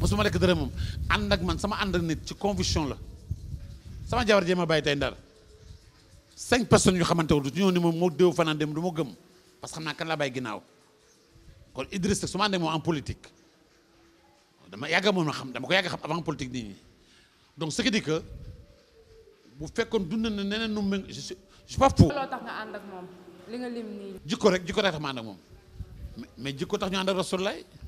mosuma lekk dërëm moom ànd ak man sama ànd ak nit ci conviction la sama jabar jéem ma bàyyi tey ndar cinq personnes yu xamante wu ñëw ni moom moo déw fanaan dem du ma gëm parce que xam naa kan laa bàyyi ginnaaw kon Idriss su ma ànd ak moom en politique dama yàgg moom xam dama ko yàgg xam avant politique nit ñi donc ce qui dit que bu fekkoon dund na neneen nu mu je suis je suis pas fou. looloo tax nga ànd ak moom li nga lim nii. jikko rek jikko mais jikko tax ñu